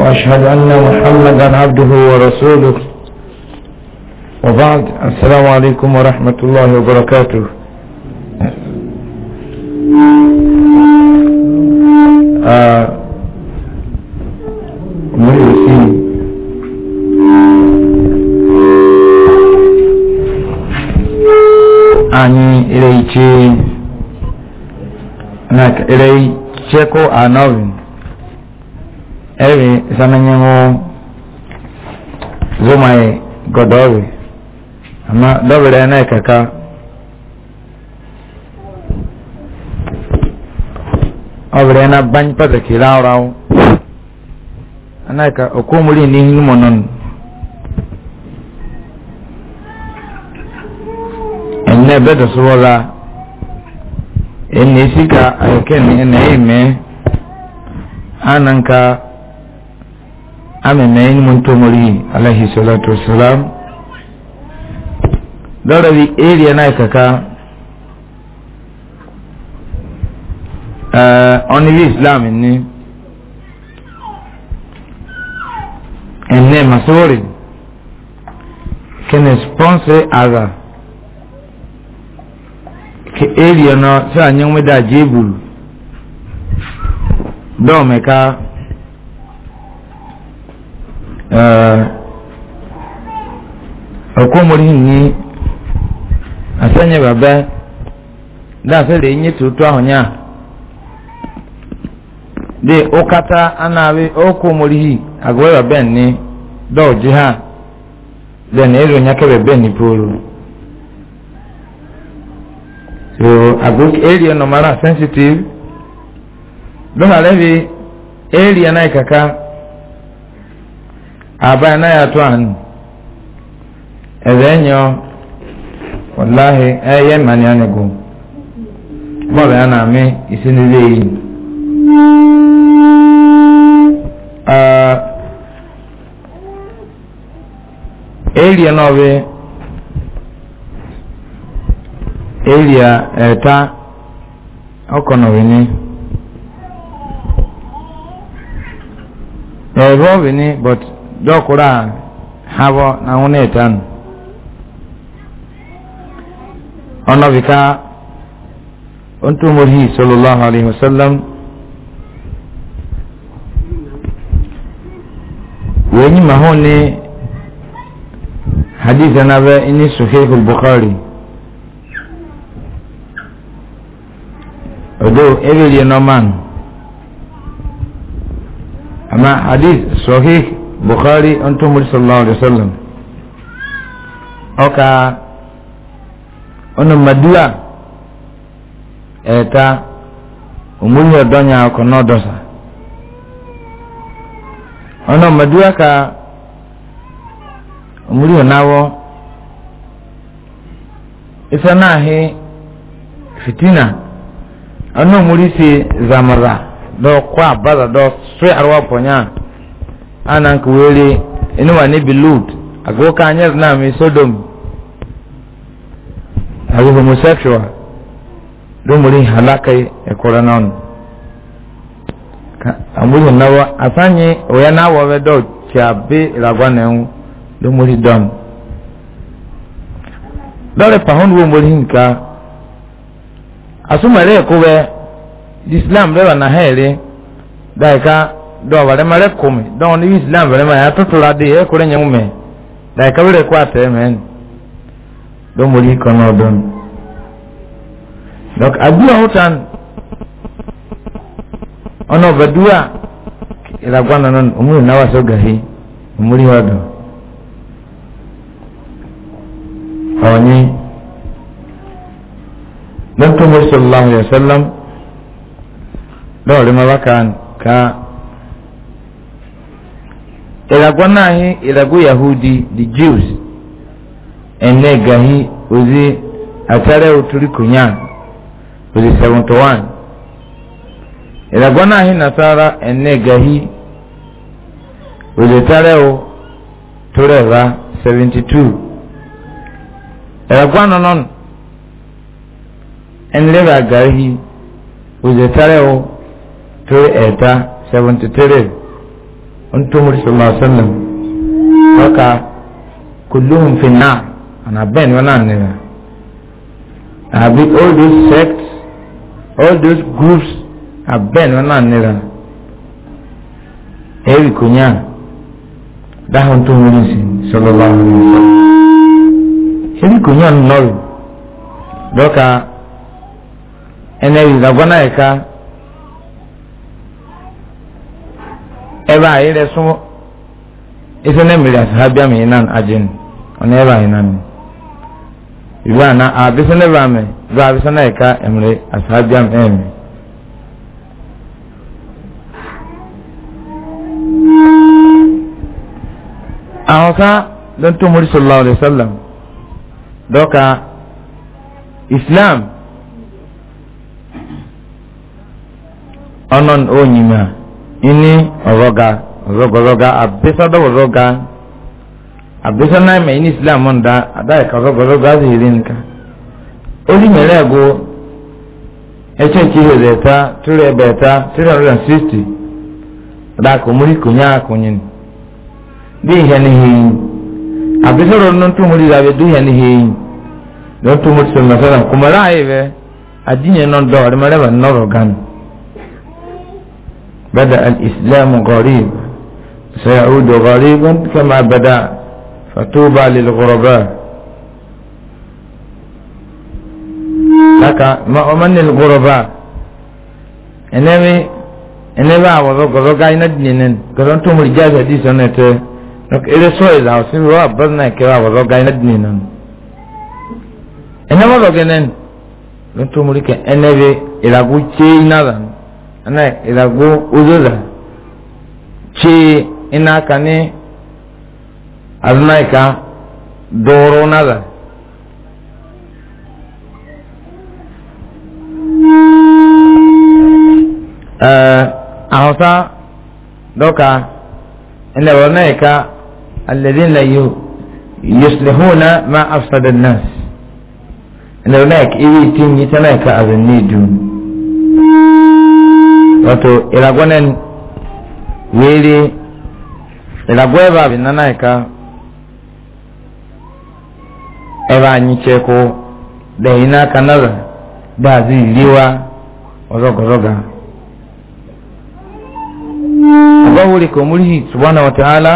وأشهد أن محمدا عبده ورسوله وبعد السلام عليكم ورحمة الله وبركاته أنا آه، أني إليك هناك إليك أنوين ewe samanye ngo zumaye godowe ama dobere na kaka obere na ban pada kira rawo anaka okomuri ni himo non enne bedo suwala enne sika ayken enne ime ananka amina yin mun tomori alaihi salatu wasalam dora bi area na kaka uh, eh, onili islam ni ene masori kene sponsor other ke area na sa nyen Jibul. jebul do meka ọkwọ ụmụrụghị na-asị enyemaka ebe e bea dị asịrị enyetụ ụtụ ahụnya dị ọkata ana-abị okwu ụmụrụghị agụwebụ ben ni dọọ ji ha dị na elu ya kebe ben dị pụọrụ so agụ elu ya nọ mara sensitive dọrọ ala ebe na-ekaka aba na ya to an ezenyo wallahi eye ya anego mo ya na mi isi yi eyi area no be area eta na we ni Ẹ̀rọ ọ̀bìnrin but dọkụrụ habo na hunetan onobika ontumurhi sallallahu alaihi wasallam wenyi mahone hadithi anabe ini sahih al-bukhari odo ebeli noman ama hadith sahih bukhari an tó mọ̀rí sallallahu alaihi wasallam ọkà ọ̀nà madua ẹ̀ẹ̀ta òmùrí ọ̀dọ́nyà ọkọ̀ náà dọ̀sà ọ̀nà madua ka òmùrí ọ̀náwọ́ isa náà hí fitina ọ̀nà òmùrí sí zamara dọ̀ kọ́ àbára dọ̀ sọ́ àrùwá pọ̀nyá. ana nke were enuwa n'ebi lut aga ụka anya na amị sodom abụ homosexual domori halaka ekwara n'ọnụ amụrụ nawa asanyi oya na awọ wedo chiabe ragwa na enwu domori don lọrị pahon wo mori nka asụmere ekowe islam rẹwà na ha ere daika dɔw wɛrɛ ma rɛ kome dɔw ni islam wɛrɛ ma eh, y'a tɔtɔ la de e kore ɲɛmu mɛ dayi kabi rɛ eh, ko a tɛ mɛ dɔ mori kɔnɔ dɔn donc a duwa o tan ɔnɔ bɛ duwa ìlàgbà nana o mu na wa so gahi o mori wa dɔn ɔn ye lantɔ mori sallallahu alaihi dɔw wɛrɛ ma ba kan ka ìràgọ́ náà hí ìràgọ́ yahudi di jews ẹ̀nẹ́ gàhí ozi àtàrẹ òtúrí kùnyàn ozi seventy one ìràgọ́ náà hí nasara ẹ̀nẹ́ gàhí ozi àtàrẹ ò tórẹ̀ rà seventy two ìràgọ́ nọ́nọ́ ẹ̀nẹ́ rà gàhí ozi àtàrẹ ò tórẹ̀ ẹ̀ta seventy three ntomori sallallahu alaihi wasallam waka kulluhum fi na ana ben wana ne abi all those sects all those groups are ben wana ne ra ewi kunya da hon ntomori si sallallahu alaihi wasallam ewi kunya nol doka enewi zabana eka ba ayi rẹ sọmọ ise ne mmiri asahabi ami inan ajin ọna ẹ ba inan ibi ana abisa ne ba mi ba abisa na ẹka mmiri asahabi ami ẹ mi. àwọn ká ló mori sallallahu alayhi wa sallam dọ́ka islam ọ̀nà ònyìnbá. Oh, ini oroga oroga oroga abisa da oroga abisa na mai ni islam on da ada ka oroga oroga ziri nka oli mere go eche chi he zeta ture beta 360 da ko muri kunya kunyin di he ni hi abisa ro non tu muri da be di he ni hi don tu muri sunna sana kuma raibe adinye non do re mere بدأ الإسلام غريب سيعود غريبا كما بدأ فطوبى للغرباء لك ما أمن الغرباء إنني إنما إنما أوضوك ذوك أين الدينين كذلك أنتم رجال حديث أنت لك إذا سوى إذا أصيب وابرنا كذا أوضوك أين الدينين إنما ذوك أنتم رجال إنني إلى قوتي نظام ana ilago uzuza ce ina ka ne aznaika doro nada eh, a hausa doka inda wani ka alladin layu yuslihuna ma afsadan nas inda wani ka iri tin yi tana wato iragwanen were iragwa ebe abin na naika ebe anyị cheko da yi n'aka nara da zai riwa ọzọgọzọga agbawuri ka omurihi subhanahu wa ta'ala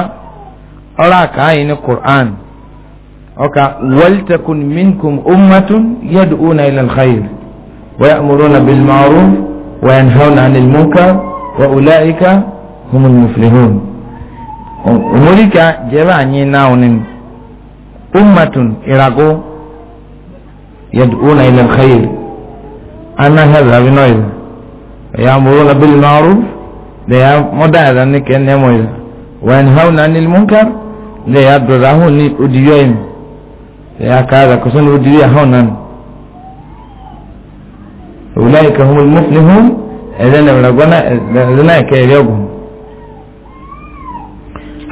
ọrụ aka anyị na qur'an ọka waltakun minkum ummatun yad'una ila alkhair wa ya'muruna bil ma'ruf وينهون عن المنكر وأولئك هم المفلحون أمريكا جبعني ناون أمة إراغو يدعون إلى الخير أنا هذا بنويل يأمرون بالمعروف ليا مدعى ذنك أن يمويل وينهون عن المنكر ليا برهون أديوين ليا كذا أديوين هونان أولئك هم المفلحون إذن ربنا إذن كيريوغهم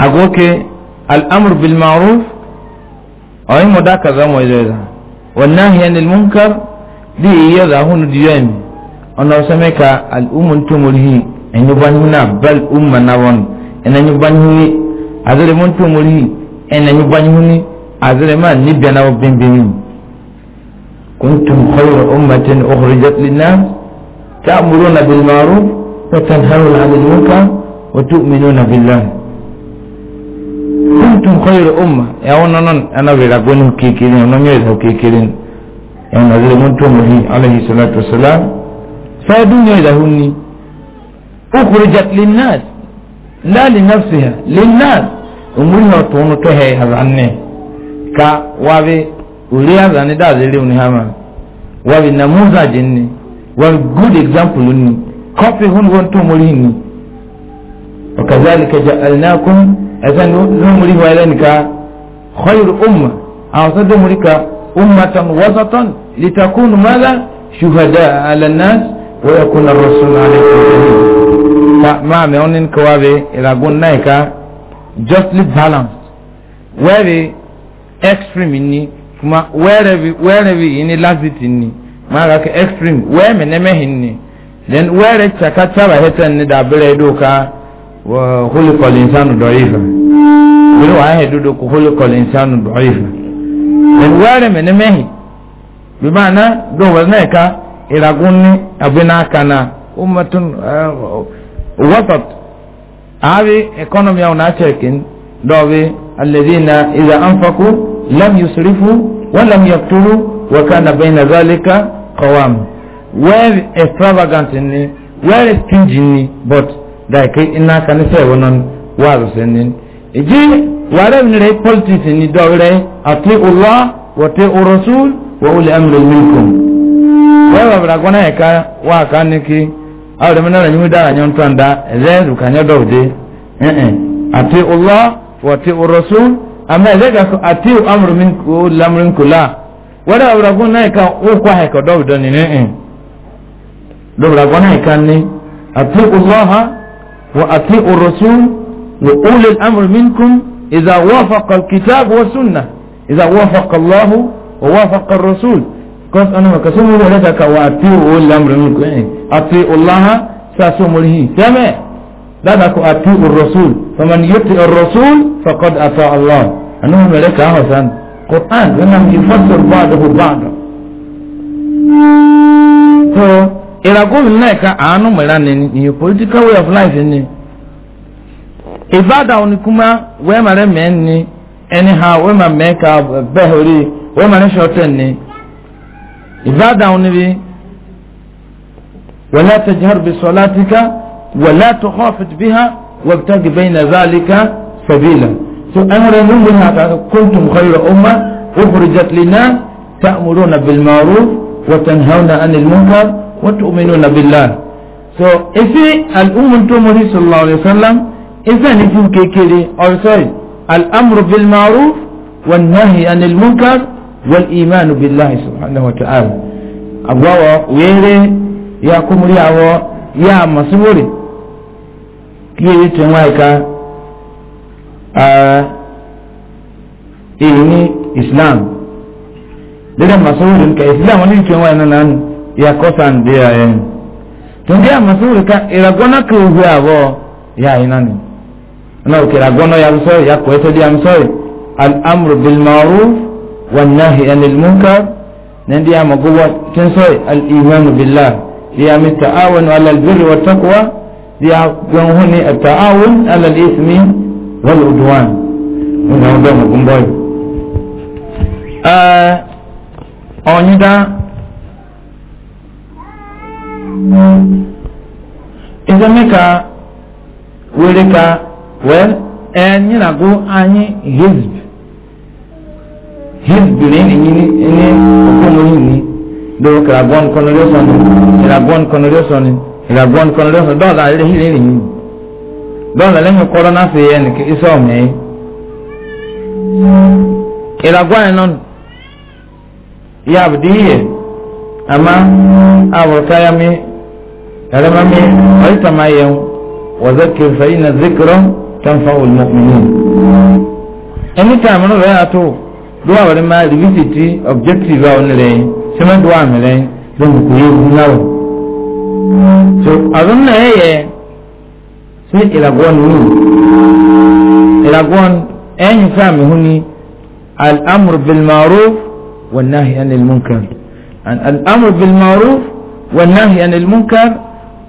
أقولك الأمر بالمعروف أي مداك زمو إذا والنهي عن المنكر دي يذا هون ديوين أنا سميك الأم تمره أن يبنينا بل أم نوان أن يبنيه أذر من تمره أن يبنيه أذر ما نبينا وبنبنيه كنتم خير أمة أخرجت للناس تأمرون بالمعروف وتنهون عن المنكر وتؤمنون بالله كنتم خير أمة يا أنا أنا بيلاقون كيكيرين أنا ميزه كيكيرين يا نزل منتم عليه الصلاة والسلام فادون يدهني أخرجت للناس لا لنفسها للناس أمرنا تونتها هذا عنه كا وابي uriyaza ni da zai ni hama wabi na muza jinni wabi good example ni kofi hun won to muri ni wa kazalika ja'alnakum azan lumuri wa lanka khayr umma aw sadu murika ummatan wasatan litakunu madha shuhada ala nas wa yakuna ar-rasul alaykum shahid ma me onin kwabe iragun naika justly balanced where extreme ni kuma wherever wherever ini laxity ni maga ka extreme where me neme hinni then where chaka chaba hetan ni da bere doka wa khuliqal insanu da'ifa wani wa he dudu ku khuliqal insanu da'ifa then where me neme hi bi mana do wazna ka iragunni abina kana ummatun eh, wasat abi economy au na chekin dobi alladhina idha anfaqu lam yusrifu wa lam yaqtulu wa kana bayna zalika qawam where extravagant ni where stingy ni but like ina kan se wonon wa rusenin iji wara ni re politics ni dawre ati allah wa ti rasul wa uli amri minkum wewe bragona eka wa kaniki awre mena nyu da nyon tanda ze du kanyo dawde eh eh ati allah wa ti rasul amma zai ga ku atiyu amru min ku lamrin kula wala uragun nai ka o kwa he ko do do ni ne do uragun nai kan ni atiyu allah wa atiyu rasul wa uli al-amr minkum idha wafaqa al-kitab wa sunnah idha wafaqa allah wa wafaqa ar-rasul kos ana ka sumu da ta ka wa atiu al-amr minkum atiyu allah sa sumulhi tame da da ku atiyu ar-rasul faman yuti ar-rasul faqad ata allah أنه ملك عوثا قرآن وإنهم يفسر بعضه بعضا so ìràgómìn náà ka àánú mìíràn ni ni your political way of life ni ìbádà oníkúmá wẹ́ẹ̀mà rẹ̀ mẹ́rin ni anyhow wẹ́ẹ̀mà mẹ́ka bẹ́ẹ̀ orí wẹ́ẹ̀mà rẹ̀ ṣọ́tẹ̀ ni ìbádà oníbi wẹ́lá tẹ̀jẹ́ bí sọ́lá tíkà wẹ́lá tó hàn fìtìbíhà wẹ́bítàgì bẹ́yìn náà zálíkà fẹ̀bílà. فأمر منها كنتم خير أمة أخرجت لنا تأمرون بالمعروف وتنهون عن المنكر وتؤمنون بالله so if الأمم تؤمن صلى الله عليه وسلم إذا نجم كيكيري أو sorry الأمر بالمعروف والنهي عن المنكر والإيمان بالله سبحانه وتعالى أبوه ويري يا كمري أبوه يا مسموري كيري تمايكا ìní eh, islam dídá masoro nka islam wọn ní tiwọn wọn nan ya kọsan di ya yẹn tuntun ya masoro ka ìragọ́nà kiri hu àbọ̀ ya yìí nani ẹnna òkè ìragọ́nà ya sọ ya kọ ẹsẹ di ya sọ al'amru bilmaru wa nahi anilmunka nan di ya magowa tun sọ al'imanu billah di ya mita awon alalbirri wa takwa di ya gwanhuni ta'awun alal ismi wọ́lẹ̀ odùwàn nígbà wọn bẹ́ẹ̀ mọ̀gún bọ́ọ̀lù. ọ̀nyídá ìsẹ́mẹ́ka wẹ́rẹ́ka wẹ́l ẹ̀ẹ́nyìnàgó anyị hezb hezb ní ẹ̀yìn ní ọkùnrin ní dọ́wọ́ kìlàgbọ́n kọ́nọ́lẹ́sọ̀nì kìlàgbọ́n kọ́nọ́lẹ́sọ̀nì kìlàgbọ́n kọ́nọ́lẹ́sọ̀nì dọ́ọ̀lá ẹ̀rẹ́ hìrẹ́ ẹ̀yìn dɔn lɛlɛ mi kɔrɔ na fɛ yɛ ni ke isɔ mɛ ìlàgbọ́n yẹn nọ yàbù dín yẹ àmà àwòrán mi ẹ̀rẹ́mà mi ọ̀yẹ́tàmà yẹn wọ́sẹ̀ kẹfà yìí na zikirọ́ tẹ́nfà olùmọ̀kùnrin ẹni tí a mọ̀ lọ́wọ́ yà tó do a wòle ma rìbísìtì ọ̀bjẹ́tìfì àwọn rẹ̀ sẹ́mẹ́ntì wà mí rẹ̀ lọ́mùkú yẹ kú náà so ní ìràgwọ́n ní ìràgwọ́n ẹ̀yìn sáàmì hún ní al'amur bilmaruf wa nahi anil munkar al'amur bilmaruf wa nahi anil munkar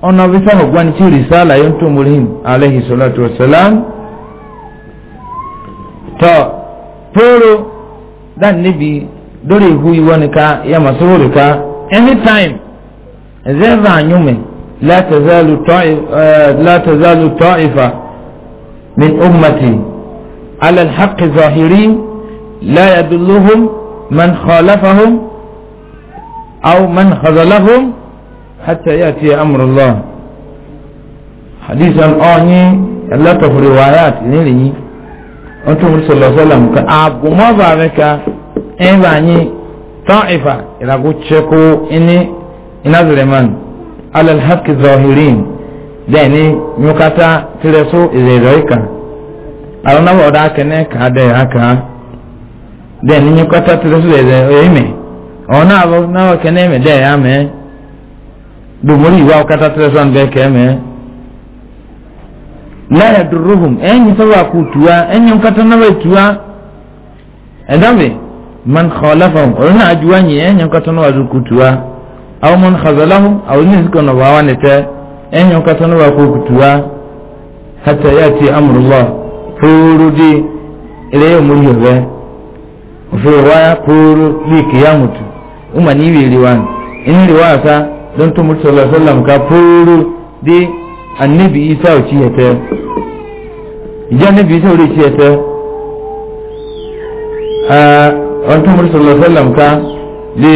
ọ̀nà bí sáàmì gbani tí risala yóò tó múrin aláhi salatu wa salam tọ́ póró dan níbi lórí ihu ìwọ́nìká yamasuwórìká anytime ẹ̀zẹ́ bá a لا تزال طائفة آه، لا تزال طائفة من أمتي على الحق ظاهرين لا يدلهم من خالفهم أو من خذلهم حتى يأتي أمر الله حديث الآن لا تفر روايات نيني أنتم صلى الله عليه وسلم كأب ما بعدك إيه طائفة إلى قد شكو إني إنظر من alal haqqi zahirin deni nyukata tireso izeroika arona woda kene kade aka deni nyukata tireso ize ime ona abo na wo kene me de ame do mori wa kata tireso an be keme la yadurruhum enyi sawa kutua enyi nyukata na wetua edabe man khalafahum ona ajuanyi enyi nyukata aw man khazalahum aw nisku na wa wani ta en yon kata na ko kutuwa hatta yati amrullah furu di ile yo muri yo be fi waya furu li kiyamutu uma ni wi liwan in liwa sa don to mutu sallallahu alaihi ka furu di annabi isa o ci yata ya annabi isa o ci yata a ah, on mutu sallallahu alaihi ka li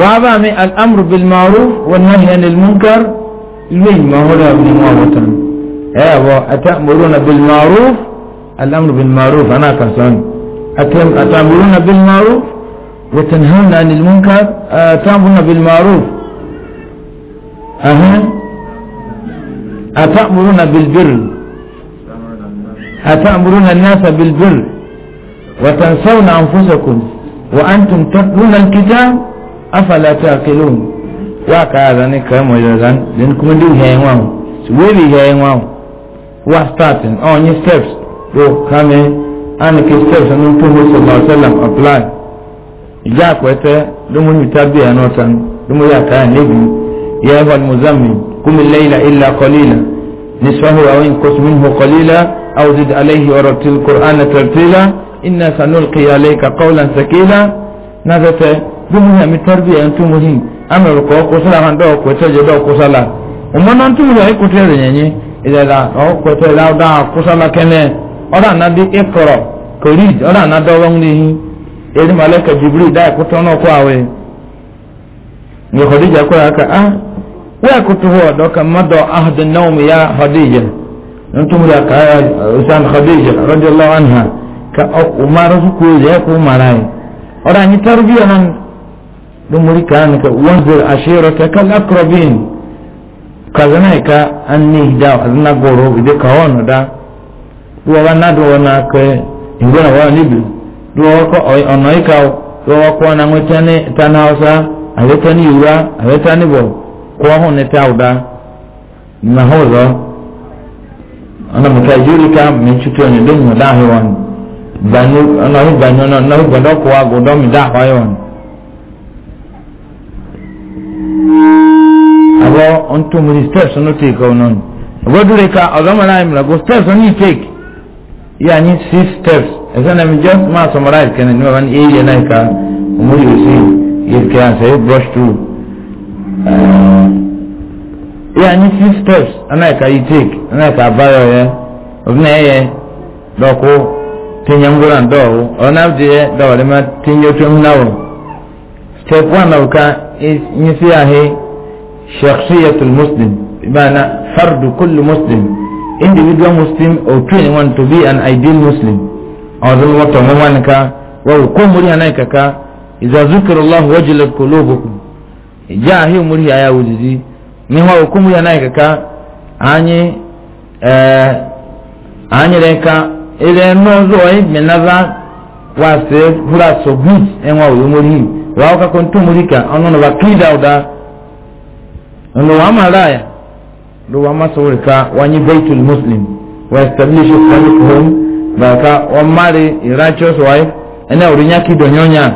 وابا من الامر بالمعروف والنهي عن المنكر لين ما هو من موتا ايوه اتامرون بالمعروف الامر بالمعروف انا كسان اتامرون بالمعروف وتنهون عن المنكر اتامرون بالمعروف اهن اتامرون بالبر اتامرون الناس بالبر وتنسون انفسكم وانتم تتلون الكتاب أفلا تعقلون وكذا نكرم ويزن لأن كم دي هي وان سويلي هي وان واستاتن أو ني ستيبس رو كامي أنا كي ستيبس أنا نتوه صلى الله عليه وسلم أبلاي جاء كويتا دمو نتابي أنوتا دمو ياكا نبي يا أبا المزمن كم الليلة إلا قليلا نصفه أو انقص منه قليلا أو زد عليه ورتل القرآن ترتيلا إنا سنلقي عليك قولا ثقيلا نذته gbóhùn àmì tọ́rọ̀bìyà ń túmọ̀ yìí amẹ̀rù kọ́ kó sọ́la hàn dọ́ kó tẹ́jọ́ dọ́ kó sọ́la ọmọ náà ń túmọ̀ yìí kó tẹ́rẹ̀ yẹn yẹn ìdẹ̀dà ọ̀ kó tẹ́rẹ̀ láwùdá kó sọ́la kẹ́lẹ́ ọ̀rọ̀ ànádé ẹ̀kọ̀rọ̀ kòríd ọ̀rọ̀ ànádé ọlọ́run lẹ́yìn èdè malẹ́kà jibril dá ẹ̀kọ́tọ́ náà kó àwẹ̀ yẹ̀kọ̀díjà kó yà ká á wẹ́ẹ̀ kó tó wọ̀ dọ́kà mọ́dọ̀ ahadì náà mi yá hadíjà ntúmọ̀ yà ká ọ̀sán hadíjà rọ́jọ́ lọ́wọ́ àná dumuri kan ka wanzir ashirata kal aqrabin kazana ka anni da azna goro ide ka wono da duwa wana duwa na ke ingona wa nibi duwa ko oy onoi ka duwa na ngotane tanausa na hozo ana mutajirika mechuto ne dum da hewan banu na abo onto muri steps no take oh, on on abo dure ka agama na imra go steps on take ya ni six steps esa na mi just ma summarize kana ni wan e ye na ka muri usi ye ka say brush through eh, ya ni six steps ana ka i take ana ka bayo ye obna ye doko tinyangura ndo ona je dawale ma tinyo tumnawo step 1 ka فيها شخصية المسلم بمعنى فرد كل مسلم individual muslim أو train one to be an ideal muslim أظن وطن ka وكم مريها كا إذا ذكر الله وجلت قلوبكم جاء هي مريها يا وجزي نهو وكم مريها نايكا أني أني ريكا إذا نوزو إذ من نظر واسف هلا سبوت إنه يمريه wao ka kon tumulika ono na wakida uda ono wa maraya do wa masori ka wanyi baitul muslim wa establish khalifhum baka wa mari righteous wife ene urinya kidonyonya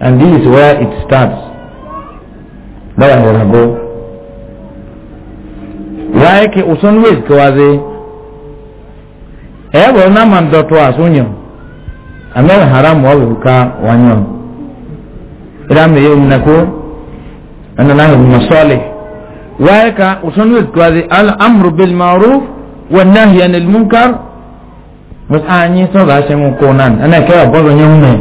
and this is where it starts baya horago wae ke usonwe kwaze ebo na mandotwa sunyo amel haramu wa buka wanyo رام يو منكو أنا نهى المصالح وهيك وصلنا كذي الأمر بالمعروف والنهي عن المنكر بس أني صدق شيء كونان أنا كذا بعض يوم ما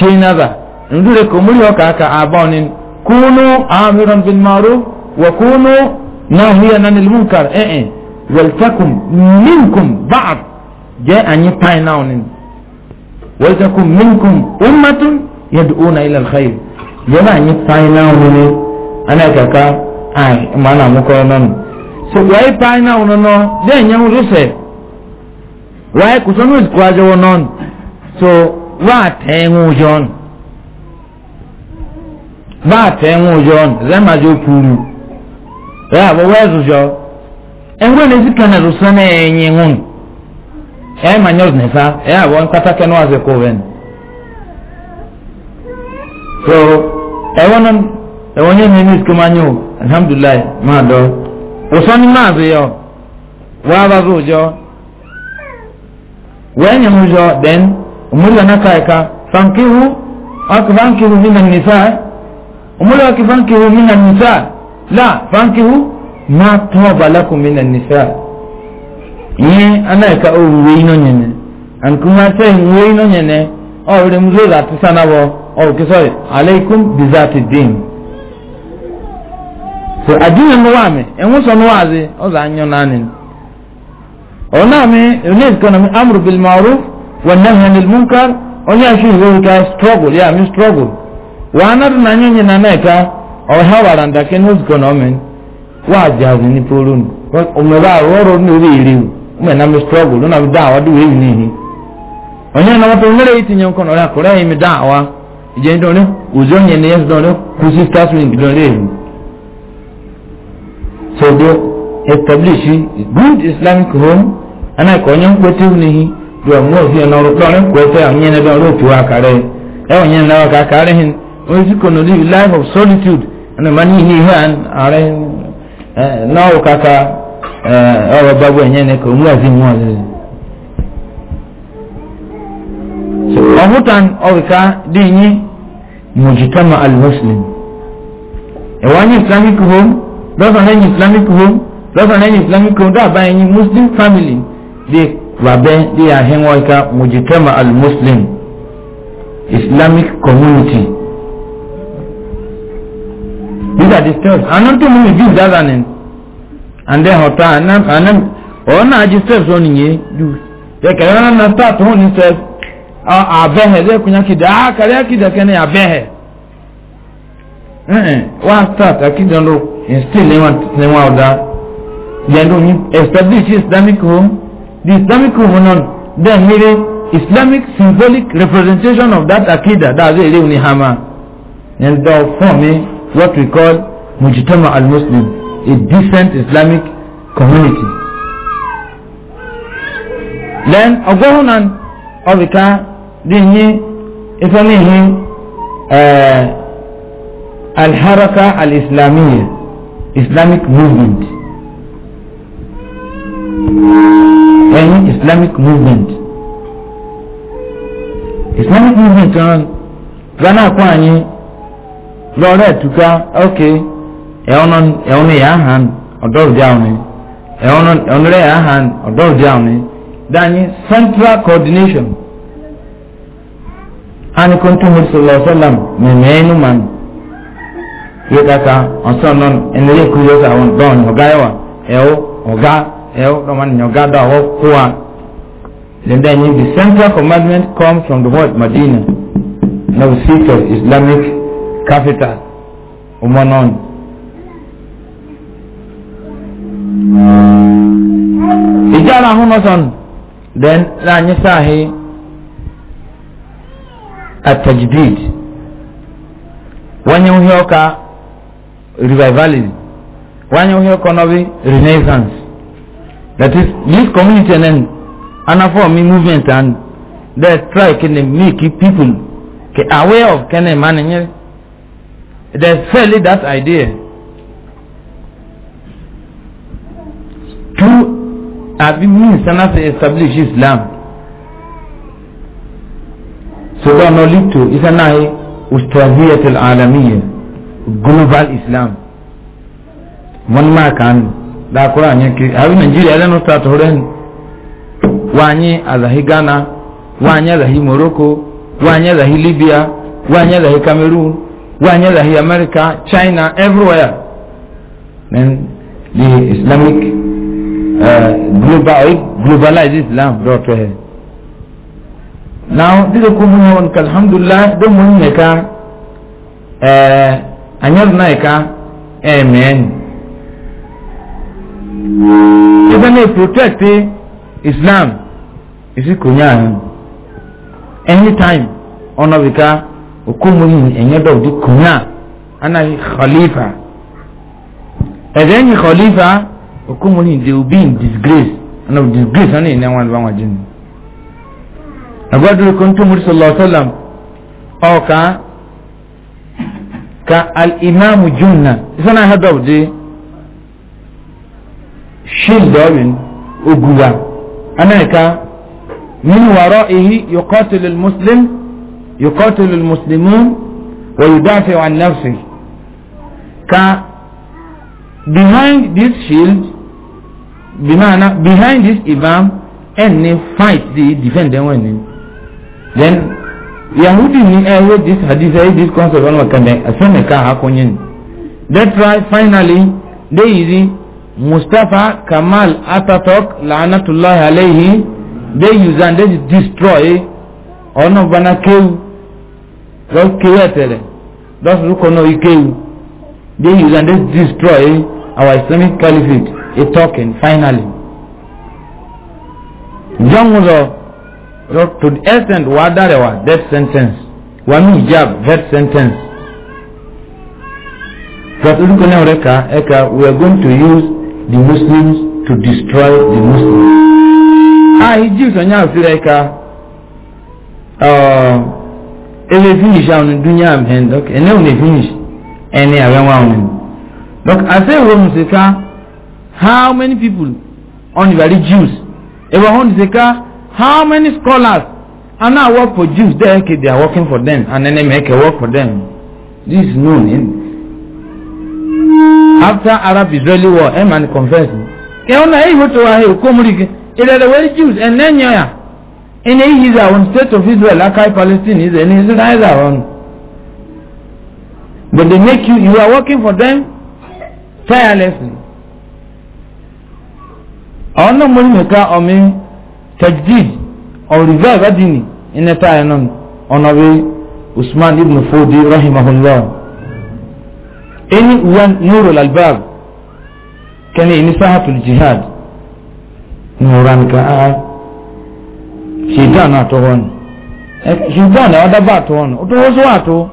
شيء هذا نقول لكم اليوم كذا أبانين كونوا أمرا بالمعروف وكونوا نهيا عن المنكر إيه،, إيه ولتكن منكم بعض جاء أني تايناونين ولتكن منكم أمة yad'una ila alkhair yana ni final ne ana kaka ai mana mu ko nan so wai final no no den yan ruse wai ku sonu is kwaje wonon so wa tengu jon ba tengu jon zama jo puru ya bo wezu jo enwe ne zikana rusana yenye ngun e, e manyoz nefa ya e bo nkata kenwa ze koven so ẹwọ́n ẹwọ́n yẹn ní alhamdulilayi máa máa yọ wọ́n á bá fi òjọ́ wọ́n yẹn mú yọ then òmùlẹ̀ náà ká ẹ̀ka fankihu ọkùnfankihu mi nà nìfà òmùlẹ̀ ọkùnfankihu mi fankihu náà tọ́ balakùn mi nà nìfà yẹn anáyẹ̀ka òwúwe iná yẹn ni iná oh okay sorry alaikum bizati din so adini no wame enwo so no wazi oza anyo nanin onami unis kono mi amru bil ma'ruf wa nahy anil munkar onya shi zo ka struggle ya mi struggle wa na na nyenye na neka o hawara ndake nus wa ni polun struggle na ìjẹ́ ìdánlé òjò yẹn ni yẹn dánlé kú sí starting ìdánlé èyí so they establish good islamic home ana ìkọ̀nyẹ́ ń pẹ́tẹ́ wù níhi do àmú òfin ẹ̀nà ọ̀rọ̀ tọ́lẹ̀ ń pẹ́tẹ́ àwọn yẹn lẹ́dọ̀ ọ̀rọ̀ òtù àkàrẹ́ ẹ̀wọ̀n yẹn lẹ́wọ̀ kàkàrẹ́ hìn wọ́n ti kọ̀ nù live life of solitude ẹ̀nà ìmọ̀ ní ìhìn hàn ààrẹ náà wò kàkà ọ̀rọ̀ bàbá ẹ̀yẹn ni kò mú àti mú àti ọ̀hútan ọ̀rìkà dì yín mujtama al-muslim ẹ̀wọ́n ní islamic home lọ́sàn lẹ́yìn islamic home lọ́sàn lẹ́yìn islamic home dábàá ẹ̀yìn muslim family bí wàbẹ́ bí àhẹ́wọ́n ìka mujtama al-muslim islamic community these are the steps anan tó mú mi bí ìdáza ni and then ọ̀tá anan ọ̀nà steps wọn nìyẹn ju ẹ̀kẹ́ yẹn náà start hàn ní steps abehe zai kunya kida a kare kida kene abehe eh, eh, wa start akida ndo instill ne wan ne wa da establish islamic home the islamic home non then here islamic symbolic representation of that akida that is ile uni hama and that form e, what we call mujtama al muslim a decent islamic community then ogohunan ọbịka ديني آه الحركة الإسلامية Islamic movement Islamic movement Islamic movement gana anyị lọrọ etuka oke ẹwọn ya ahan ọdọrọ dị ya ahan ọdọrọ central coordination. ani kuntu mu sallallahu alaihi wasallam mɛmɛɛnu man yɛ kaka ɔsɔn nɔn ɛnɛrɛ kuru yɛ sɛ dɔn ɔga yɛ wa ɛwɔ ɔga ɛwɔ dɔman nyɛ ɔga dɔ awɔ kowa lɛnda the central commandment comes from the word madina na we speak of islamic capital ɔmɔ nɔn. ìjà ara then láàyè sáà atajdid wanye uhie ọka revivalism wanye uhie ọka ọnọbi renaissance that is this community and then anafọ mi movement and they try kene make people ke aware of kene mani nye they sell that idea through abi means sanasi establish islam. سواء نوليتو إذا ناهي أستاذية العالمية global Islam wani ma kan da kura anya kiri hawi Nigeria lẹ́nu start horen wani azahi Ghana wani azahi Morocco wani azahi Libya wani azahi Cameroon wani azahi America China everywhere then the Islamic uh, global globalized Islam dot where now dida ko mun yawon ka alhamdulillah don mun ne ka eh anyar na ka amen ita ne protect islam isi konya ahun anytime ọ̀nà wíká okòmù yìí ẹ̀yẹ́ dọ̀ di kunya. ana yi khalifa ẹ̀dẹ̀ ẹ̀yìn khalifa okòmù yìí they will be in disgrace ọ̀nà disgrace ọ̀nà ìnáwó àti báwọn jẹ́ agbádùn ikọ̀ tó mú sọlọ sọlọm ọ̀ka ka al'imamu juna isana head of the shield ọ̀rin oguwa anáyíká nínú wàrọ̀ èyí yọkọ́tìlì muslim yọkọ́tìlì muslimun wà yóò dáfẹ́ wà nẹ́fẹ́ ka behind this shield bimana behind this imam ẹni fight the defend ẹwọn ni then yahudi ni ẹ eh, wey this hadith ẹ eh, this concept ọlọmọ kẹmẹ ẹsẹmẹ ká akọnyẹ ni that's why finally they use mustapha kamal atatok laanatulahi alayhi they use and they destroy ọ̀nà bana kéwù lọ́ọ́ kéwù ẹ̀tẹ̀rẹ̀ lọ́ọ́ sọ̀rọ̀ kọ́nà ìkéwù they use and they destroy our islamic caliphate a talking finally. jọ́ngùn lọ. So to the extent wadarewa death sentence wami hijab death sentence. But Ulukoneureka Eka we are going to use the Muslims to destroy the Muslims. Ah Jews onya afireka uh ele finish on dunya am hen dok ene on finish ene awenwa on. Dok ase wo musika how many people on the Jews ewa hon sika how many scholars are now work for Jews there they are working for them and then they make a work for them this is known in after Arab Israeli war em and confession ke ona e hoto wa he the way Jews and then ya in is our own state of Israel like Palestine is an Israel own but they make you you are working for them tirelessly ọ̀nà mọ̀lùmọ̀ká ọ̀mí tajdid or revive adini ina ta yanan onawe usman ibn fodi rahimahullah any one nurul albab kani ini sahatul jihad nuran ka a ah, shaitan ato hon eh, shaitan a wadaba ato hon oto ato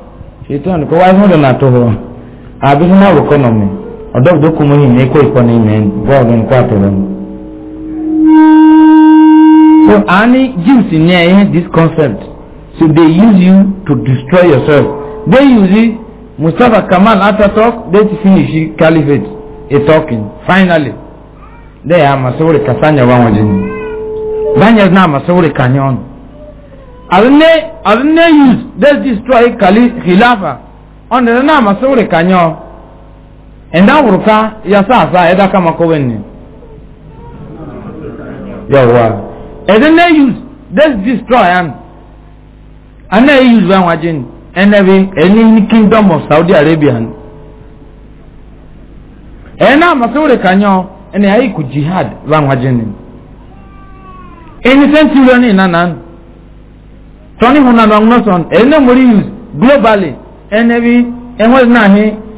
shaitan ko wai na ato hon abin na rukonomi ọdọ ime bọọlụ nkwa So any Jews in here eh, this concept. So they use you to destroy yourself. Then you see Mustafa Kamal after talk, they finish caliphate. A talking. Finally. They are Masuri Kasanya Wamajin. Banyas na Masuri Kanyon. Arne Arne use they destroy Khalif Khilafa. On the na Masuri Kanyon. Enda uruka ya sasa eda kama kowenni. Yawwa. Yeah, wow ɛdɛ na use that's destroy am ana yɛ use ban wagye no ɛna bi ni kingdom of saudi arabia no ɛna amasewore kanya hɔ ɛna yɛ ayɛ ko jihad ban wagye no ɛni sɛntiwura ne nanan tɔni ho nanu anwunason ɛna mori use globally ɛna bi ɛhɔ na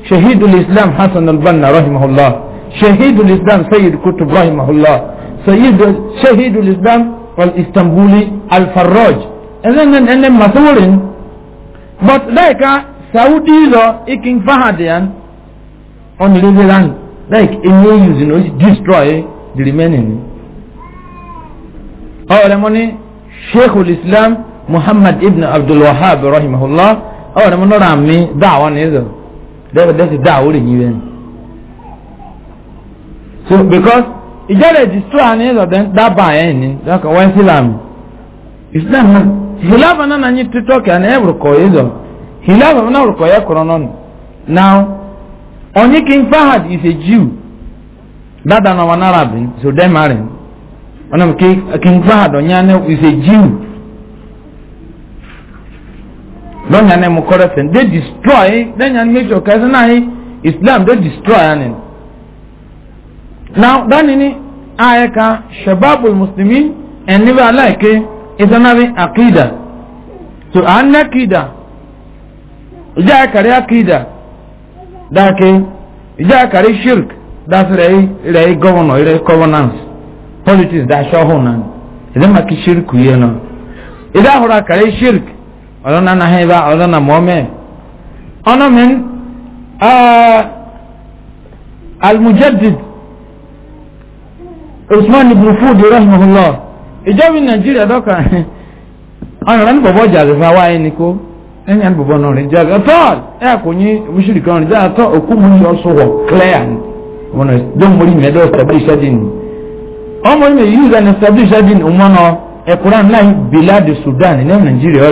shahidul islam hasan al-banna rahimahullah shahidul islam Sayid kutub rahimahullah sayyid shahidul islam al-istanbuli al-farraj ẹnlẹ ẹnlẹ masorin but like uh, saudi lọ ikin fahadian on ilé land like eyi o use no destroy the remaining ọ̀rẹ́ mọ́ni sheikh islam muhammad ibn abdul wahab rahimahullah ọ̀rẹ́ mọ́ni ọ̀rẹ́ mi dáwọ́ ni ẹ̀zọ̀ dẹ́gbẹ̀dẹ́sì dáwọ́ rẹ̀ yí bẹ́ẹ̀ so because. ìjọ́lẹ̀ ti tó àní ìlọ̀dẹ́ dábàá lọ́kọ̀ wọ́n islam islam hìláfà náà ní títọ́kì àní ẹ̀rùkọ̀ ìzọ̀ hìláfà náà rùkọ̀ yẹ kọ̀rọ̀ náà onye king fahad is a jew dada wọn so dem are ọnà mi king fahad onye is a jew lọ́nyà náà destroy lẹ́nyà ní islam destroy now dani ni ayaka shababul muslimin ẹni bá aláìké ìsanáwí akida so à ń ní akida ìjà àkàrí akida dáké ìjà àkàrí shirk dási rẹ̀ rẹ̀ gọ́vọ̀nà rẹ̀ governance politics dáṣọ́ hùn náà ìdá máa kí shirk yẹn náà ìdá àhùrọ̀ àkàrí shirk ọ̀dọ́ náà náà hẹ́ bá ọ̀dọ́ náà mọ́ mẹ́ ọ̀nà mi ah, almujaddid. osman ibn fudi rahimahullah ìjọba nàìjíríà dọ́kà ọ̀nà rẹ̀ ní bọ̀bọ̀ jàre fún àwa ẹni kó ẹni àti bọ̀bọ̀ náà rẹ̀ jàre ọ̀tọ́ kò ní mùsùlùmí kan rẹ̀ jàre òkú mu yọ sọ wọ̀ clear ni wọn náà jọ mọ̀rí mi establish ọmọ náà náà sudan ní nàìjíríà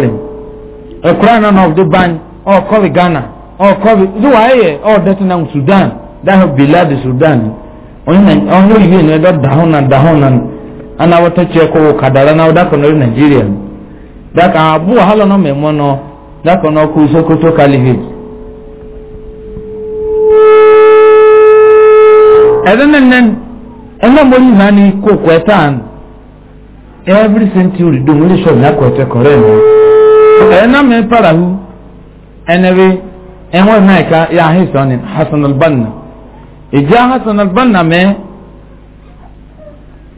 rẹ̀ náà ọ̀nà ìwé ni ẹ̀dọ́ dàhùnà dàhùnà ana wata ce ko kadara na da kono Nigeria da ka abu wahala no me mono da kono ku sokoto kalifi ẹ̀dọ́n nan nan ẹ̀nà mọ́lì nani ni kò kwẹ́tà án every century dùn wọlé sọ̀rọ̀ náà kwẹ́tà kọ̀rẹ́ mi ẹ̀nà mi parahu ẹ̀nà bi ẹ̀wọ̀n náà ká yà áhìn sọ́ni hasan albanna ìjà hasan albanna mẹ́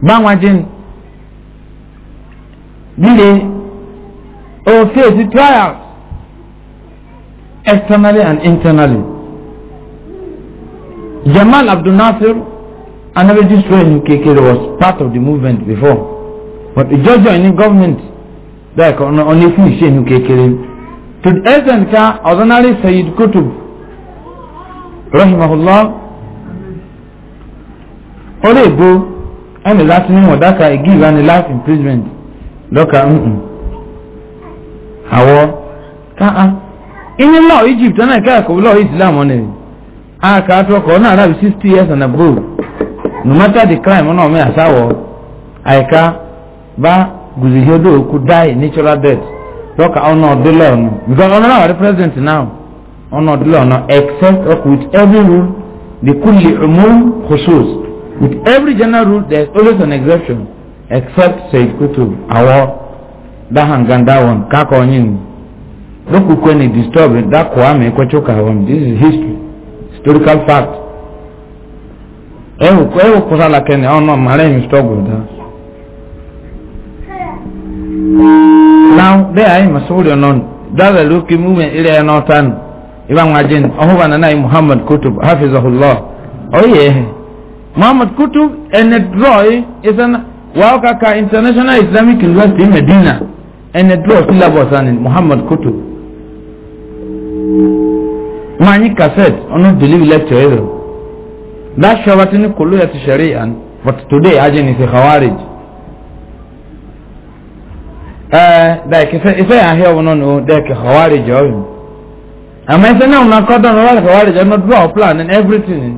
báwọn jẹ́ líle ó fèsì trials externally and internally jamal abdul nasir another israeli kékeré was part of the movement before but ìjọjọ ní government on kọ́ ọ̀nà fún ìṣèlú kékeré to the extent ká ordinary sayid kutub rahimahullah ọrụ ebo ẹni lati ni wọn daka egi ìlànà life imprisonment lọka nn àwọ káà inú law egypt náà ìka ẹkọ law islam ọ̀nà ẹ̀ aka atọkọ ọ̀nà arabi sixty years and above no matter the crime ọ̀nà ọ̀mẹ́ àsáwọ̀ àìka bá gùzìhìodò òkú die natural death lọka ọ̀nà ọ̀dẹ́lẹ̀ ọ̀nà because ọ̀nà náà president now ọ̀nà ọ̀dẹ́lẹ̀ ọ̀nà except with every rule the kulli umum khusus. With every general rule, there is always an exception, except Sayyid Kutub, our Dahanganda one, Kakonyin, Dokukwene disturbed, Dakwame Kwachoka one. This is history, historical fact. Ewu ewu kusala kene ono oh marehemu struggle da. Now there I masuli onon dala luki mume ile anotan ibang ajin ohubana nai Muhammad Kutub hafizahullah. Oh yeah. Muhammad Kutub ene is an wao kaka International Islamic University Medina ene draw syllabus ani Muhammad Kutub manyi cassette ono deliver lecture hizo that shabatini kulu ya sharia but today aje ni si khawarij eh da kisa isa ya hiyo wono da ke khawarij yo ama isa na unakoda na wale khawarij no draw plan and everything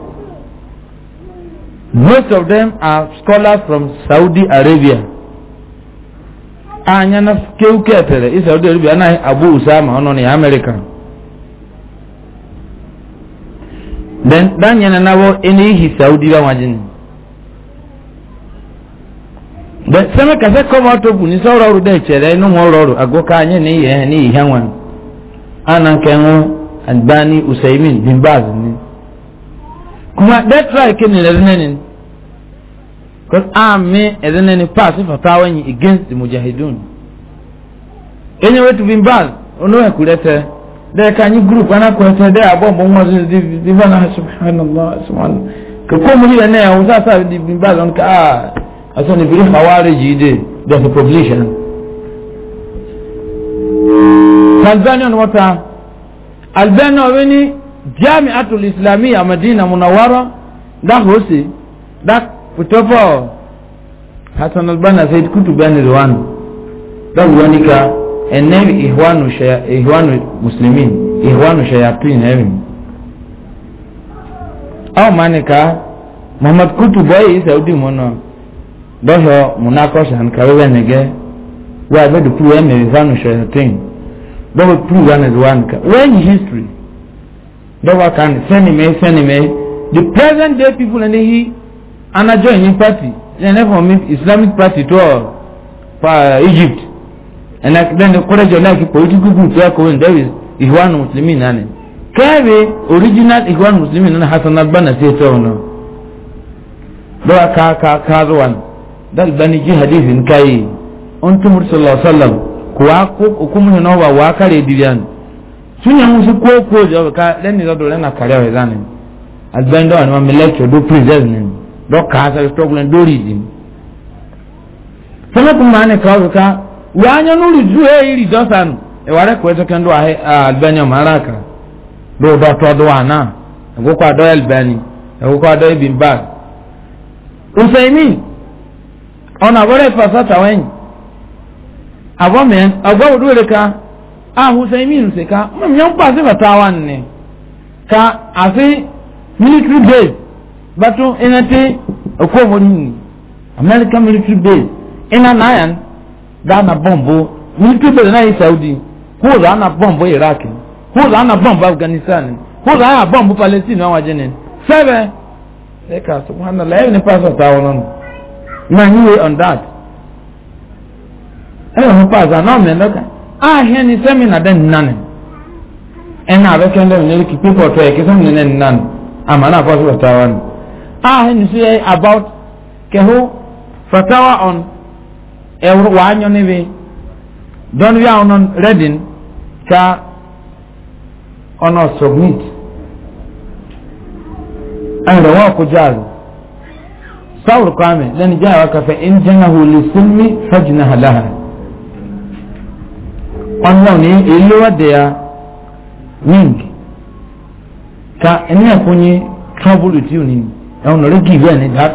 Most of them are scholars from Saudi Arabia. Anya na keuke etere i Saudi Arabia anaghị abụ Usama ọ nọ na America. Then danye na nabo ene ihi Saudi ba nwajin. Then sema kase kọma ọtọ bụ n'isi ọrụ ọrụ dị echere ịnụ ọrụ ọrụ agụka anyị na ihe n'ihi ha nwa. ana na nke nwụ Albani Usaimin Bin Baz kuma that right ke ne raznanin because army raznanin pass fatawa yin against the mujahidun enye wetu bin baz ono oh, ya kulete da ka ni group ana ko ta da abon bon wa zin di bana subhanallah subhan ka ko mu ne ya usa sa di bin baz on ka a aso ni bi khawariji de da the population Tanzanian water Albania wani jami'atul islamiyya madina munawwara da hose da fitofa hassan albana sai kutu bani ruwan da wani ka enemi ihwanu ihwanu muslimin ihwanu shayatin hemi aw manika muhammad kutu boy saudi mono doho munako shan kawe nege wa bedu puwe me ihwanu shayatin doho puwe ne ruwan ka history dɔwɔ kan sɛnimɛ sɛnimɛ the present day people he, an ana join ni party ɛnɛ fɔ mi islamic party to ɔ pa egypt ɛnɛ then kɔrɛjɔ náà kí political group yɛ kɔ ɛnɛ is ihuanu muslimi nani kɛɛbi original ihuanu muslimi nani hasan albana se tɔ ɔnɔ dɔwɔ kaa kaa kaa do wan dali bani jihadi fin kayi ɔn tumur sallallahu alaihi wa sallam kò wá kó okumuhin náà wà wá kárẹ̀ sunya musu ko ko jo ka len ni do len akare o izani azben do anwa mi lecture do preserve ni do ka sa struggle do reading sama kuma ne ka ka wanya no ri ju e eh, ri do san e eh, ware ko to kendo eh, ahe albenya maraka do do to do ana go kwa do albani go kwa do ibn baz usaimi ona wore fasata wen avomen agwa uduleka ahusaimin ah, si ka manyan ba ka a fi military base batu ina te military base na yan da na bombo military base na yi saudi ko za na bọmbụ afghanistan ko za na bombo palestine wa jene sebe e ka subhanallah e person ta na on that e ahịa ni say me na dem nan e na abekan level lady pipo for try kiss am na nan nan am ana force ahịa ni say about kehu fatawa on ewuwaanyo ne wey don wear unrundon ribbon chyna on us submit and i don wakwo jaz sawul kwame lenigeyi waka for in general hall still me fajina halaha ọ̀nà ní èyí wá ka ẹni ẹ̀kọ́ ní with you ni give that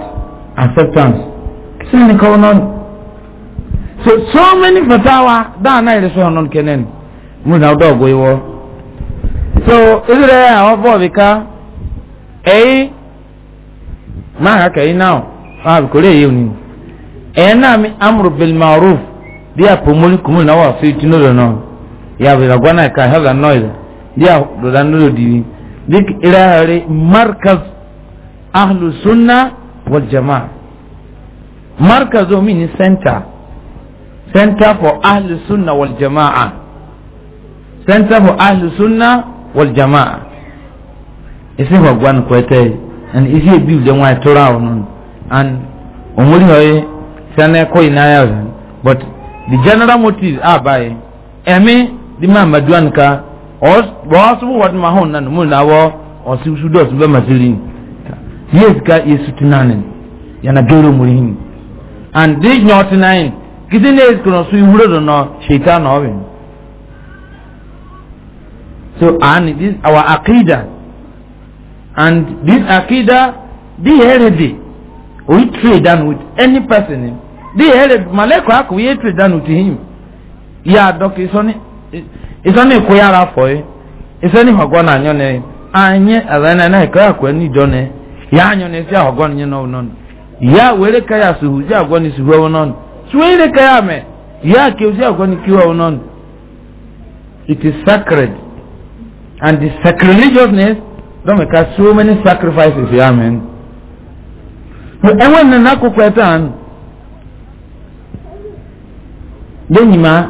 acceptance sí ẹni kọ́ so so many fatawa dáa náà ìrẹsọ ọ̀nà kẹ́nẹ́ ni mo na dọ̀ ọ̀gbọ́ so ìdílé àwọn bọ́ọ̀bì ká ẹ̀yí máa ka kẹ́yìn náà wọn àbíkọ́ lè yé mi dia pomoli kumu na wa fi tino do no ya bi la gwana ka hada noy dia do dan ni di dik ila hari markaz ahlu sunna wal markaz o mini center center for ahlu sunna center for ahlu sunna wal jamaa ese wa gwan kwete and isi ebi de wa e tora onun and omori hoye sane ko inaya but the general motive a ah, bayi ɛmi di ma maduan ka ɔsubu wɔdi ma hɔn nanu mu na wɔ ɔsusu dɔ ɔsubu ma siri yesu ka yesu ti naani yana gero muri hin and di nyɔɔti naani kisi ne yesu kɔnɔ su iwuro dɔ nɔ seita nɔ ɔbi so and this our akida and this akida di heritage we trade am with any person di ere maleko aku ye tre danu ti him ya dok isoni isoni ko fo e isoni hogo na anyo ne anye abana na ko aku ni jone ya anyo ne si hogo ni no no ya were ka ya su huja hogo ni su ho no suwere ka ya me ya ke usi hogo ni kiwa no it is sacred and the sacrilegiousness don't make us so many sacrifices Amen. men eh, ẹwọn nana kókó ẹ tán lẹ́yìn máa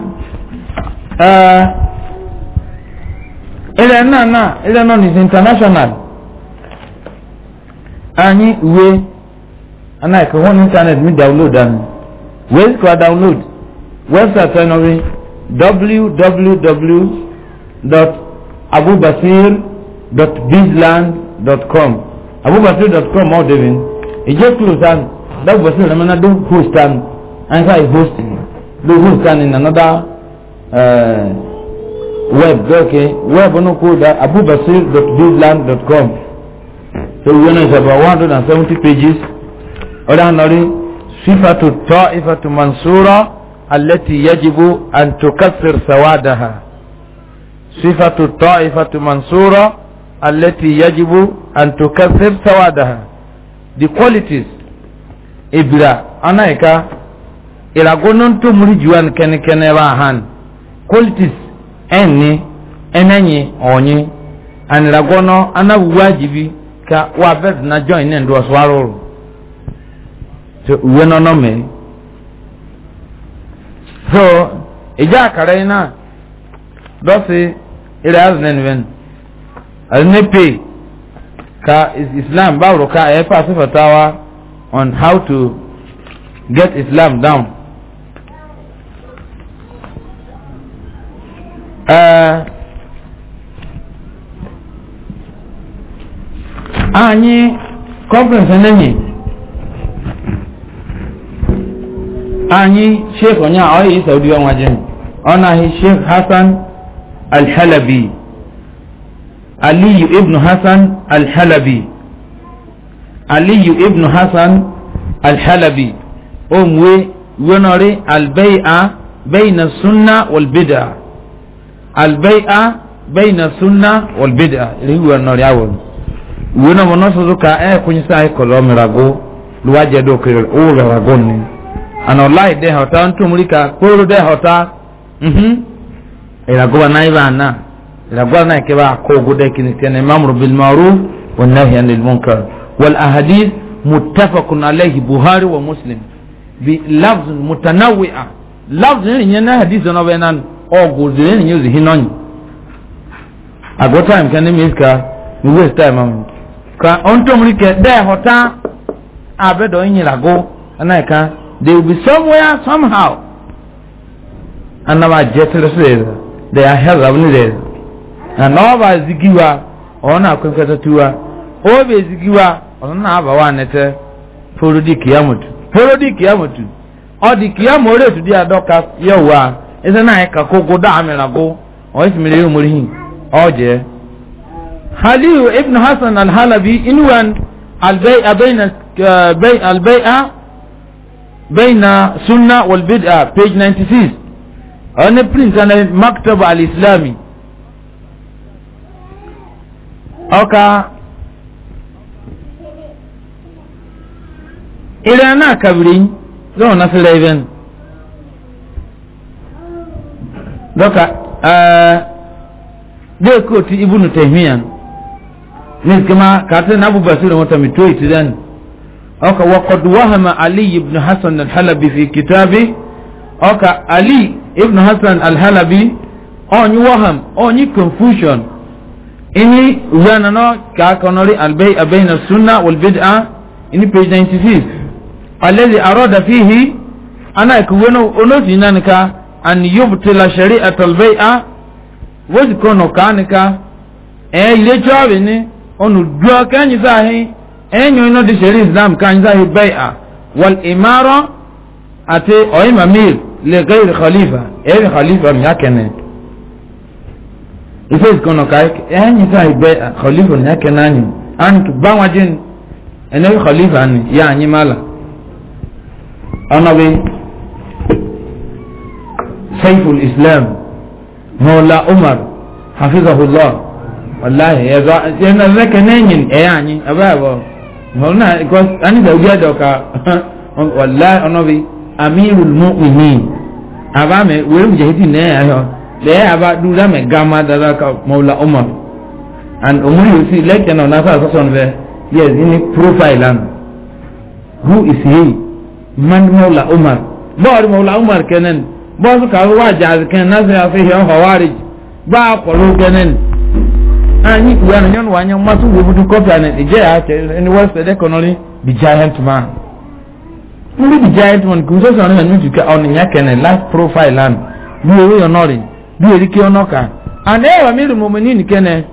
ilẹ̀ náà náà ilẹ̀ náà is international anyi ìwé anáìkọ̀ wọ́n ní internet mi download àmì wẹ́ẹ́ sì kọ́ download website ẹ̀ náà rí www.abubasir.bizland.com abubasir.com ọ̀ dẹ̀bi ìjẹ́ close and dábùbasir lẹ́mọ́nádó host and and so i host do hun kan in another uh, web okay web no uh, dot com. so you know it's about 170 pages other nori sifatu ta'ifatu mansura alati yajibu أن تكثر سوادها صفة الطائفة منصورة التي يجب أن تكثر the qualities إبلا أنا إكا iragonon to muri juan kene kene ba han qualities enni enanyi onyi an iragono ana wajibi ka wa bet na join ne ndo swaro so we no me so ija kare na dosi ira aznen wen alnepe ka islam ba ruka e pa sifatawa on how to get islam down anyị conference enenyi anyị sheikh onye a oyi saudi ọnwa jem ọ naghị sheikh hassan al-halabi aliyu ibn hassan al-halabi aliyu ibn hassan al-halabi o mwe wenori al-bai'a bayna sunna wal albai'a baina sunna wal bid'a riwa no yawo wona wono so zuka e eh, kunyi sai kolomirago luwaje do kire o ragon ni ana lai de hota ntumulika koro de hota mhm irago bana ibana irago na ke ba ko gude kini tene mamru bil ma'ruf wan nahy anil munkar wal ahadith muttafaqun alayhi buhari wa muslim bi lafz mutanawwi'a lafz ni na hadith no ọgwụziri enyi ozi hi n'ọnyị agwọ taịm ka ndị mis ka west taịm m. ka ontomri ke dee hụta abedo inyere agụ anaghịka they will be somewhere somehow anaba jetara there. da they are held up ni da na na ọba zigiwa ọ na akwai kwata tuwa ọ bai zigiwa ọ na abawa nete foro ya kiyamutu foro ya kiyamutu ọ di kiyamu ore tu dị adọka ụwa. ese na ka kogo da amira go o ismire yo murihin oje haliu ibn hasan al-halabi inwan al-bai'a eh, bayna bai'a al-bai'a sunna wal bid'a page 96 ana prince ana maktab al-islami oka ila na kabrin zo na sile dɔka ɛɛ e, dee kooti ibu nu tehmiyan ne kama kaate na abu basir na e wata mi toyi ti dan ɔka wakɔd wahama ali ibn hasan alhalabi fi kitaabi ɔka ali ibn hasan alhalabi ɔnyi waham ɔnyi confusion ini wuyana no kaa kɔnɔri albay abayna sunna ini page ninety six alladhi arada fihi ana ikuwe e no onosi nanika an yubtila shari'at al-bai'a wosi kono kanika e ile chawi ni onu dua kanyi zahi, e nyono di shari islam kanyi zahi baya, wal imara ate oima mir le gairi khalifa e bi khalifa mi yakene ife kono kaik e nyi baya khalifa ni yakene anyi an bawajin ene khalifa ni ya anyi mala ona سيف الإسلام مولا عمر حفظه الله والله يا أنا ذاك نين يعني أبابا هنا كوس أنا زوجتك والله أنبي أمير المؤمنين أبامي وين جهدين نعيه لا أبا دولا مجمع ذاك مولا عمر and omuri you see like na nafa sasan be yes in profile and who is he man مولا عمر بعد مولا عمر كنن bọ́ọ̀sù kàwé wà jàzìkan násìrì àfihàn ọ̀họ̀wárì bá a kọ̀lọ́ gẹ́nẹ́ni. anyị kwuo na nyọnụ anya mmasị ugwu budu kọfị a na ije ya chere ndị west ede kọnọrị the giant man ndị the giant man ka ụzọ sọrọ na njuke ọnịnya kene life profile and bi ewe ya nọrị bi erike ọnọka and ewa mmiri mominin kene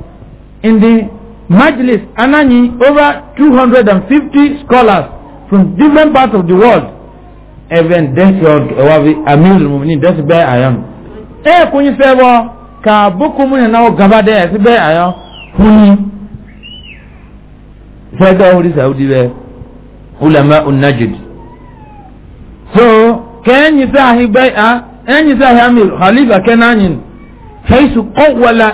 ndị majlis ananyị over 250 scholars from different parts of the world even bi road wabi amir mumini death be ayon e eh, kunyi sebo ka boku mun na gaba de ti be ayon huni fega huri saudi be ulama un So so ken yi sahi be a en yi sahi amir khalifa kenanin haisu qawwala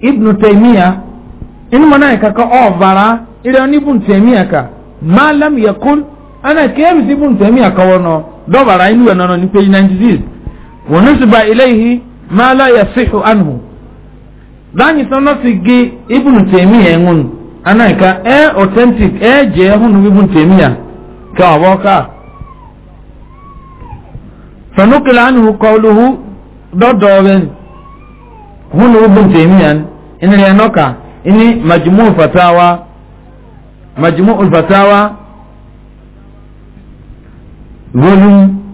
ibn taymiya in mana e ka ka ovara ire oni ibn taymiya ka ma lam kun. ana kiyami si ibn taymiya kawono dobara inu wenono ni page 96 wa nusiba ilayhi ma la yasihu anhu dani sono sigi ibn taymiya ngun ana ka e authentic e je hunu ibn taymiya ka waka فنقل عنه قوله ضدوبن هنا ابن تيمية إن لأنك إني مجموع fatawa, مجموع الفتاوى volume